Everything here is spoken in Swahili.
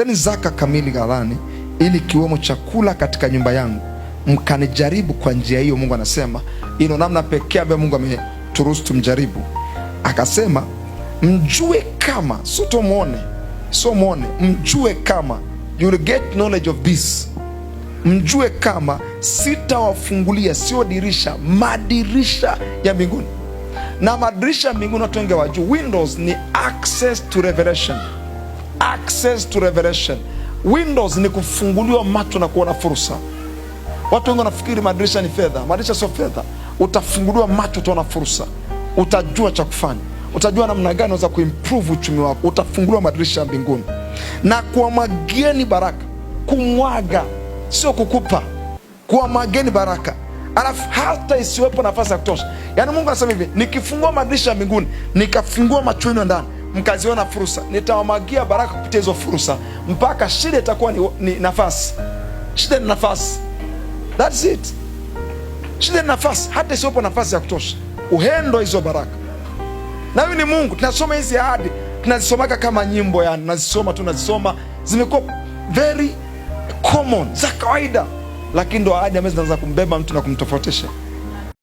leteni zaka kamili ghalani, ili kiwemo chakula katika nyumba yangu, mkanijaribu kwa njia hiyo. Mungu anasema ino namna pekee ambayo Mungu ameturuhusu tumjaribu. Akasema mjue kama, sio tomwone, sio mwone, mjue kama, you will get knowledge of this, mjue kama sitawafungulia, sio dirisha, madirisha ya mbinguni. Na madirisha ya mbinguni watu wengi hawajui, windows ni access to revelation access to revelation. Windows ni kufunguliwa macho na kuona fursa. Watu wengi wanafikiri madirisha ni fedha. Madirisha sio fedha. Utafunguliwa macho, utaona fursa, utajua cha kufanya, utajua namna gani unaweza kuimprove uchumi wako. Utafunguliwa madirisha ya mbinguni na kuwamwagieni baraka. Kumwaga sio kukupa, kuwamwagieni baraka alafu hata isiwepo nafasi ya kutosha. Yaani Mungu anasema hivi, nikifungua madirisha ya mbinguni, nikafungua macho yenu ndani mkaziona fursa, nitawamwagia baraka kupitia hizo fursa mpaka shida itakuwa ni, ni nafasi. Shida ni nafasi, that's it. Shida ni nafasi, hata isiwepo nafasi ya kutosha uhendo hizo baraka. Na huyu ni Mungu. Tunasoma hizi ahadi tunazisomaka kama nyimbo, yani nazisoma tu, nazisoma zimekuwa very common za kawaida, lakini ndo ahadi ambazo zinaweza kumbeba mtu na kumtofautisha.